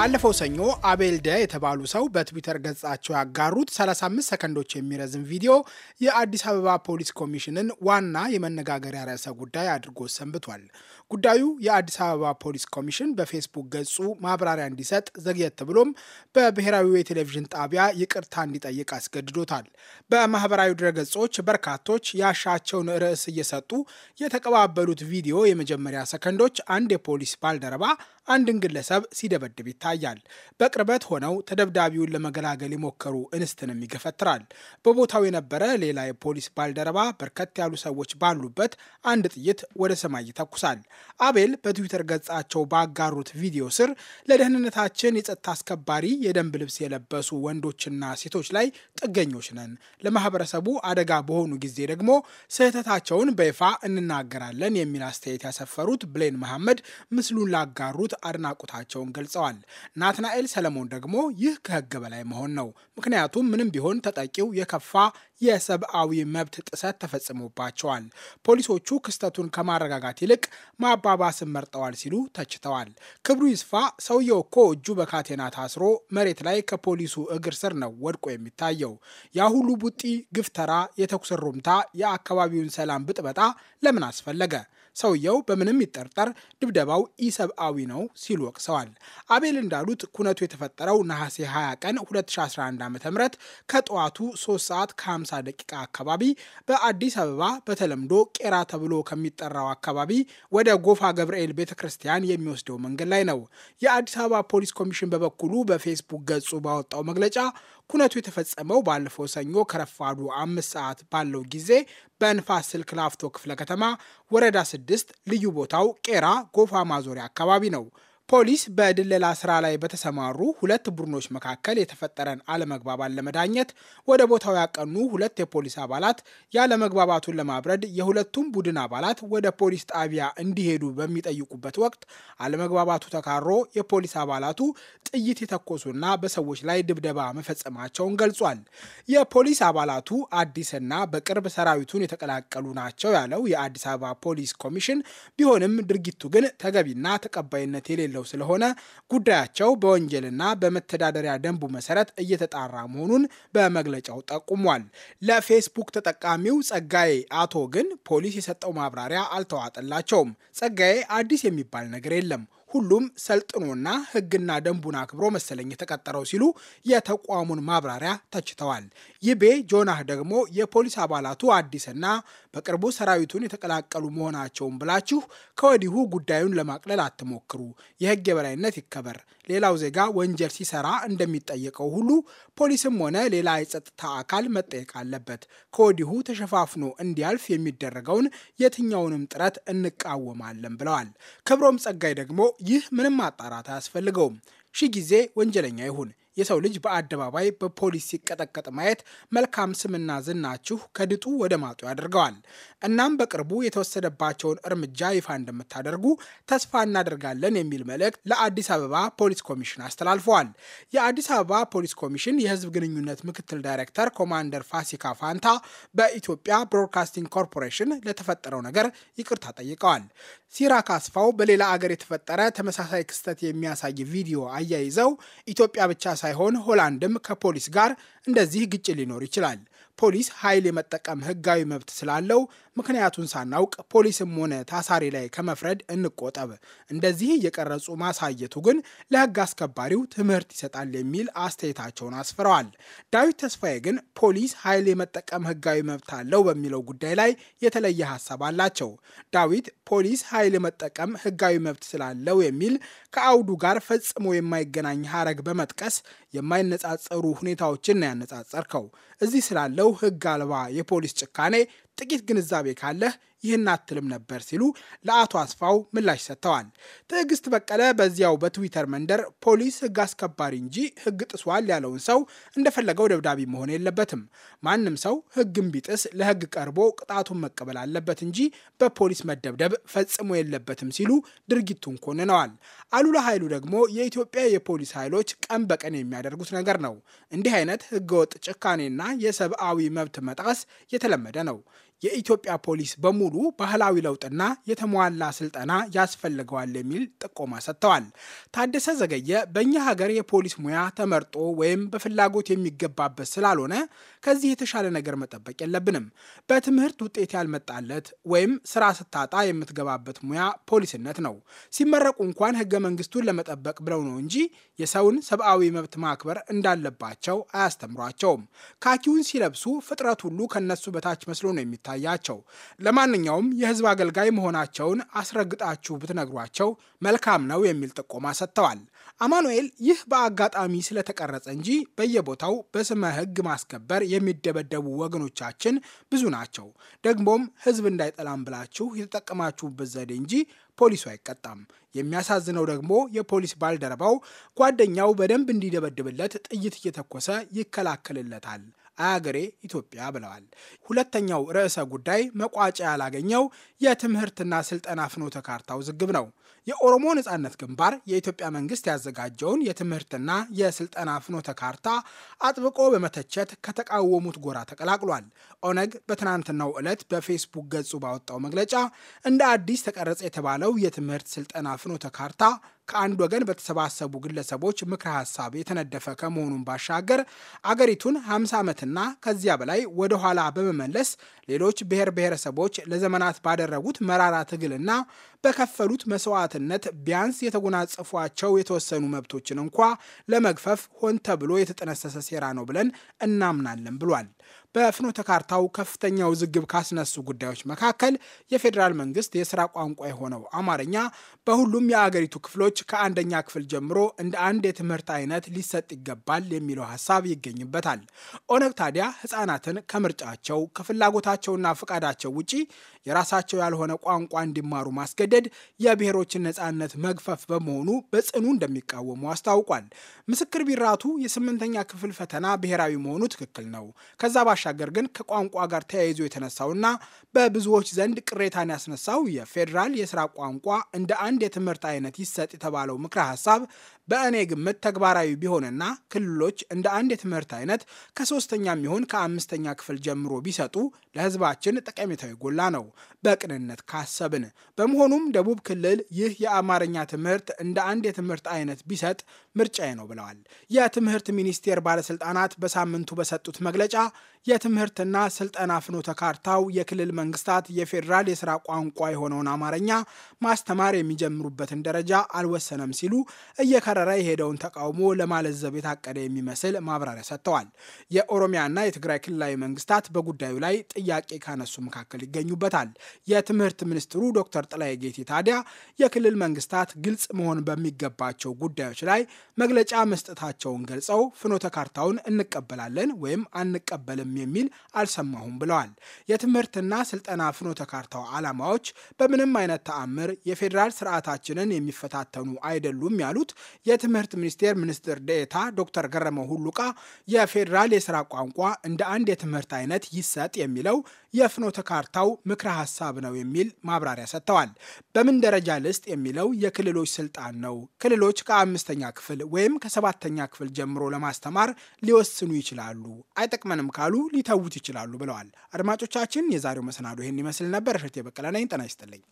ባለፈው ሰኞ አቤልደ የተባሉ ሰው በትዊተር ገጻቸው ያጋሩት 35 ሰከንዶች የሚረዝም ቪዲዮ የአዲስ አበባ ፖሊስ ኮሚሽንን ዋና የመነጋገሪያ ርዕሰ ጉዳይ አድርጎ ሰንብቷል። ጉዳዩ የአዲስ አበባ ፖሊስ ኮሚሽን በፌስቡክ ገጹ ማብራሪያ እንዲሰጥ ዘግየት ብሎም በብሔራዊ የቴሌቪዥን ጣቢያ ይቅርታ እንዲጠይቅ አስገድዶታል። በማህበራዊ ድረገጾች በርካቶች ያሻቸውን ርዕስ እየሰጡ የተቀባበሉት ቪዲዮ የመጀመሪያ ሰከንዶች አንድ የፖሊስ ባልደረባ አንድን ግለሰብ ሲደበድብ ይታያል። በቅርበት ሆነው ተደብዳቢውን ለመገላገል የሞከሩ እንስትንም ይገፈትራል። በቦታው የነበረ ሌላ የፖሊስ ባልደረባ በርከት ያሉ ሰዎች ባሉበት አንድ ጥይት ወደ ሰማይ ይተኩሳል። አቤል በትዊተር ገጻቸው ባጋሩት ቪዲዮ ስር ለደህንነታችን የጸጥታ አስከባሪ የደንብ ልብስ የለበሱ ወንዶችና ሴቶች ላይ ጥገኞች ነን፣ ለማህበረሰቡ አደጋ በሆኑ ጊዜ ደግሞ ስህተታቸውን በይፋ እንናገራለን የሚል አስተያየት ያሰፈሩት ብሌን መሐመድ ምስሉን ላጋሩት ላደረጉት አድናቆታቸውን ገልጸዋል። ናትናኤል ሰለሞን ደግሞ ይህ ከህግ በላይ መሆን ነው፣ ምክንያቱም ምንም ቢሆን ተጠቂው የከፋ የሰብአዊ መብት ጥሰት ተፈጽሞባቸዋል። ፖሊሶቹ ክስተቱን ከማረጋጋት ይልቅ ማባባስን መርጠዋል ሲሉ ተችተዋል። ክብሩ ይስፋ ሰውየው እኮ እጁ በካቴና ታስሮ መሬት ላይ ከፖሊሱ እግር ስር ነው ወድቆ የሚታየው። ያ ሁሉ ቡጢ፣ ግፍተራ፣ የተኩስ ሩምታ፣ የአካባቢውን ሰላም ብጥበጣ ለምን አስፈለገ? ሰውየው በምንም ይጠርጠር ድብደባው ኢሰብአዊ ነው ሲሉ ወቅሰዋል። አቤል እንዳሉት ኩነቱ የተፈጠረው ነሐሴ 20 ቀን 2011 ዓ ም ከጠዋቱ 3 ሰዓት ከ50 ደቂቃ አካባቢ በአዲስ አበባ በተለምዶ ቄራ ተብሎ ከሚጠራው አካባቢ ወደ ጎፋ ገብርኤል ቤተ ክርስቲያን የሚወስደው መንገድ ላይ ነው። የአዲስ አበባ ፖሊስ ኮሚሽን በበኩሉ በፌስቡክ ገጹ ባወጣው መግለጫ ኩነቱ የተፈጸመው ባለፈው ሰኞ ከረፋዱ አምስት ሰዓት ባለው ጊዜ በንፋስ ስልክ ላፍቶ ክፍለ ከተማ ወረዳ ስድስት ልዩ ቦታው ቄራ ጎፋ ማዞሪያ አካባቢ ነው። ፖሊስ በድለላ ስራ ላይ በተሰማሩ ሁለት ቡድኖች መካከል የተፈጠረን አለመግባባት ለመዳኘት ወደ ቦታው ያቀኑ ሁለት የፖሊስ አባላት ያለመግባባቱን ለማብረድ የሁለቱም ቡድን አባላት ወደ ፖሊስ ጣቢያ እንዲሄዱ በሚጠይቁበት ወቅት አለመግባባቱ ተካሮ የፖሊስ አባላቱ ጥይት የተኮሱና በሰዎች ላይ ድብደባ መፈጸማቸውን ገልጿል። የፖሊስ አባላቱ አዲስና በቅርብ ሰራዊቱን የተቀላቀሉ ናቸው ያለው የአዲስ አበባ ፖሊስ ኮሚሽን ቢሆንም ድርጊቱ ግን ተገቢና ተቀባይነት የሌለው ያለው ስለሆነ ጉዳያቸው በወንጀልና በመተዳደሪያ ደንቡ መሰረት እየተጣራ መሆኑን በመግለጫው ጠቁሟል። ለፌስቡክ ተጠቃሚው ጸጋዬ አቶ ግን ፖሊስ የሰጠው ማብራሪያ አልተዋጠላቸውም። ጸጋዬ አዲስ የሚባል ነገር የለም ሁሉም ሰልጥኖና ሕግና ደንቡን አክብሮ መሰለኝ የተቀጠረው ሲሉ የተቋሙን ማብራሪያ ተችተዋል። ይቤ ጆናህ ደግሞ የፖሊስ አባላቱ አዲስና በቅርቡ ሰራዊቱን የተቀላቀሉ መሆናቸውን ብላችሁ ከወዲሁ ጉዳዩን ለማቅለል አትሞክሩ። የህግ የበላይነት ይከበር። ሌላው ዜጋ ወንጀል ሲሰራ እንደሚጠየቀው ሁሉ ፖሊስም ሆነ ሌላ የጸጥታ አካል መጠየቅ አለበት። ከወዲሁ ተሸፋፍኖ እንዲያልፍ የሚደረገውን የትኛውንም ጥረት እንቃወማለን ብለዋል። ክብሮም ጸጋይ ደግሞ ይህ ምንም ማጣራት አያስፈልገውም ሺ ጊዜ ወንጀለኛ ይሁን የሰው ልጅ በአደባባይ በፖሊስ ሲቀጠቀጥ ማየት መልካም ስምና ዝናችሁ ከድጡ ወደ ማጡ ያደርገዋል። እናም በቅርቡ የተወሰደባቸውን እርምጃ ይፋ እንደምታደርጉ ተስፋ እናደርጋለን የሚል መልእክት ለአዲስ አበባ ፖሊስ ኮሚሽን አስተላልፈዋል። የአዲስ አበባ ፖሊስ ኮሚሽን የህዝብ ግንኙነት ምክትል ዳይሬክተር ኮማንደር ፋሲካ ፋንታ በኢትዮጵያ ብሮድካስቲንግ ኮርፖሬሽን ለተፈጠረው ነገር ይቅርታ ጠይቀዋል። ሲራክ አስፋው በሌላ አገር የተፈጠረ ተመሳሳይ ክስተት የሚያሳይ ቪዲዮ አያይዘው ኢትዮጵያ ብቻ ሳይሆን ሆላንድም ከፖሊስ ጋር እንደዚህ ግጭት ሊኖር ይችላል። ፖሊስ ኃይል የመጠቀም ህጋዊ መብት ስላለው ምክንያቱን ሳናውቅ ፖሊስም ሆነ ታሳሪ ላይ ከመፍረድ እንቆጠብ። እንደዚህ እየቀረጹ ማሳየቱ ግን ለህግ አስከባሪው ትምህርት ይሰጣል የሚል አስተያየታቸውን አስፍረዋል። ዳዊት ተስፋዬ ግን ፖሊስ ኃይል የመጠቀም ህጋዊ መብት አለው በሚለው ጉዳይ ላይ የተለየ ሀሳብ አላቸው። ዳዊት ፖሊስ ኃይል የመጠቀም ህጋዊ መብት ስላለው የሚል ከአውዱ ጋር ፈጽሞ የማይገናኝ ሀረግ በመጥቀስ የማይነጻጸሩ ሁኔታዎችን ያነጻጸርከው። እዚህ ስላለው ህግ አልባ የፖሊስ ጭካኔ ጥቂት ግንዛቤ ካለህ ይህን አትልም ነበር ሲሉ ለአቶ አስፋው ምላሽ ሰጥተዋል። ትዕግስት በቀለ በዚያው በትዊተር መንደር ፖሊስ ህግ አስከባሪ እንጂ ህግ ጥሷል ያለውን ሰው እንደፈለገው ደብዳቤ መሆን የለበትም። ማንም ሰው ህግን ቢጥስ ለህግ ቀርቦ ቅጣቱን መቀበል አለበት እንጂ በፖሊስ መደብደብ ፈጽሞ የለበትም ሲሉ ድርጊቱን ኮንነዋል። አሉላ ኃይሉ ደግሞ የኢትዮጵያ የፖሊስ ኃይሎች ቀን በቀን የሚያደርጉት ነገር ነው። እንዲህ አይነት ህገወጥ ጭካኔና የሰብአዊ መብት መጣስ የተለመደ ነው። የኢትዮጵያ ፖሊስ በሙሉ ባህላዊ ለውጥና የተሟላ ስልጠና ያስፈልገዋል የሚል ጥቆማ ሰጥተዋል። ታደሰ ዘገየ በእኛ ሀገር የፖሊስ ሙያ ተመርጦ ወይም በፍላጎት የሚገባበት ስላልሆነ ከዚህ የተሻለ ነገር መጠበቅ የለብንም። በትምህርት ውጤት ያልመጣለት ወይም ስራ ስታጣ የምትገባበት ሙያ ፖሊስነት ነው። ሲመረቁ እንኳን ህገ መንግስቱን ለመጠበቅ ብለው ነው እንጂ የሰውን ሰብአዊ መብት ማክበር እንዳለባቸው አያስተምሯቸውም። ካኪውን ሲለብሱ ፍጥረት ሁሉ ከነሱ በታች መስሎ ነው የሚታ የሚታያቸው። ለማንኛውም የህዝብ አገልጋይ መሆናቸውን አስረግጣችሁ ብትነግሯቸው መልካም ነው የሚል ጥቆማ ሰጥተዋል። አማኑኤል ይህ በአጋጣሚ ስለተቀረጸ እንጂ በየቦታው በስመ ህግ ማስከበር የሚደበደቡ ወገኖቻችን ብዙ ናቸው። ደግሞም ህዝብ እንዳይጠላም ብላችሁ የተጠቀማችሁበት ዘዴ እንጂ ፖሊሱ አይቀጣም። የሚያሳዝነው ደግሞ የፖሊስ ባልደረባው ጓደኛው በደንብ እንዲደበድብለት ጥይት እየተኮሰ ይከላከልለታል። አገሬ ኢትዮጵያ ብለዋል። ሁለተኛው ርዕሰ ጉዳይ መቋጫ ያላገኘው የትምህርትና ስልጠና ፍኖተ ካርታ ውዝግብ ነው። የኦሮሞ ነጻነት ግንባር የኢትዮጵያ መንግስት ያዘጋጀውን የትምህርትና የስልጠና ፍኖተ ካርታ አጥብቆ በመተቸት ከተቃወሙት ጎራ ተቀላቅሏል። ኦነግ በትናንትናው ዕለት በፌስቡክ ገጹ ባወጣው መግለጫ እንደ አዲስ ተቀረጸ የተባለው የትምህርት ስልጠና ፍኖተ ካርታ ከአንድ ወገን በተሰባሰቡ ግለሰቦች ምክረ ሀሳብ የተነደፈ ከመሆኑን ባሻገር አገሪቱን 50 ዓመትና ከዚያ በላይ ወደ ኋላ በመመለስ ሌሎች ብሔር ብሔረሰቦች ለዘመናት ባደረጉት መራራ ትግልና በከፈሉት መስዋዕትነት ቢያንስ የተጎናጸፏቸው የተወሰኑ መብቶችን እንኳ ለመግፈፍ ሆን ተብሎ የተጠነሰሰ ሴራ ነው ብለን እናምናለን ብሏል። በፍኖተ ካርታው ከፍተኛ ውዝግብ ካስነሱ ጉዳዮች መካከል የፌዴራል መንግስት የስራ ቋንቋ የሆነው አማርኛ በሁሉም የአገሪቱ ክፍሎች ከአንደኛ ክፍል ጀምሮ እንደ አንድ የትምህርት አይነት ሊሰጥ ይገባል የሚለው ሀሳብ ይገኝበታል። ኦነግ ታዲያ ህጻናትን ከምርጫቸው ከፍላጎታቸውና ፈቃዳቸው ውጪ የራሳቸው ያልሆነ ቋንቋ እንዲማሩ ማስገደድ የብሔሮችን ነፃነት መግፈፍ በመሆኑ በጽኑ እንደሚቃወሙ አስታውቋል። ምስክር ቢራቱ የስምንተኛ ክፍል ፈተና ብሔራዊ መሆኑ ትክክል ነው ከዛ ከዛ ባሻገር ግን ከቋንቋ ጋር ተያይዞ የተነሳውና በብዙዎች ዘንድ ቅሬታን ያስነሳው የፌዴራል የስራ ቋንቋ እንደ አንድ የትምህርት አይነት ይሰጥ የተባለው ምክረ ሀሳብ በእኔ ግምት ተግባራዊ ቢሆንና ክልሎች እንደ አንድ የትምህርት አይነት ከሶስተኛም ይሁን ከአምስተኛ ክፍል ጀምሮ ቢሰጡ ለህዝባችን ጠቀሜታዊ ጎላ ነው በቅንነት ካሰብን። በመሆኑም ደቡብ ክልል ይህ የአማርኛ ትምህርት እንደ አንድ የትምህርት አይነት ቢሰጥ ምርጫዬ ነው ብለዋል። የትምህርት ሚኒስቴር ባለስልጣናት በሳምንቱ በሰጡት መግለጫ የትምህርትና ስልጠና ፍኖተ ካርታው የክልል መንግስታት የፌዴራል የስራ ቋንቋ የሆነውን አማርኛ ማስተማር የሚጀምሩበትን ደረጃ አልወሰነም ሲሉ እየከረ እየከረረ የሄደውን ተቃውሞ ለማለዘብ የታቀደ የሚመስል ማብራሪያ ሰጥተዋል። የኦሮሚያና የትግራይ ክልላዊ መንግስታት በጉዳዩ ላይ ጥያቄ ካነሱ መካከል ይገኙበታል። የትምህርት ሚኒስትሩ ዶክተር ጥላዬ ጌቴ ታዲያ የክልል መንግስታት ግልጽ መሆን በሚገባቸው ጉዳዮች ላይ መግለጫ መስጠታቸውን ገልጸው ፍኖተ ካርታውን እንቀበላለን ወይም አንቀበልም የሚል አልሰማሁም ብለዋል። የትምህርትና ስልጠና ፍኖተ ካርታው ዓላማዎች በምንም አይነት ተአምር የፌዴራል ስርዓታችንን የሚፈታተኑ አይደሉም ያሉት የትምህርት ሚኒስቴር ሚኒስትር ዴኤታ ዶክተር ገረመው ሁሉቃ የፌዴራል የስራ ቋንቋ እንደ አንድ የትምህርት አይነት ይሰጥ የሚለው የፍኖተ ካርታው ምክረ ሀሳብ ነው የሚል ማብራሪያ ሰጥተዋል። በምን ደረጃ ልስጥ የሚለው የክልሎች ስልጣን ነው። ክልሎች ከአምስተኛ ክፍል ወይም ከሰባተኛ ክፍል ጀምሮ ለማስተማር ሊወስኑ ይችላሉ። አይጠቅመንም ካሉ ሊተዉት ይችላሉ ብለዋል። አድማጮቻችን፣ የዛሬው መሰናዶ ይህን ይመስል ነበር። እሸቴ በቀለ ነኝ። ጤና ይስጥልኝ።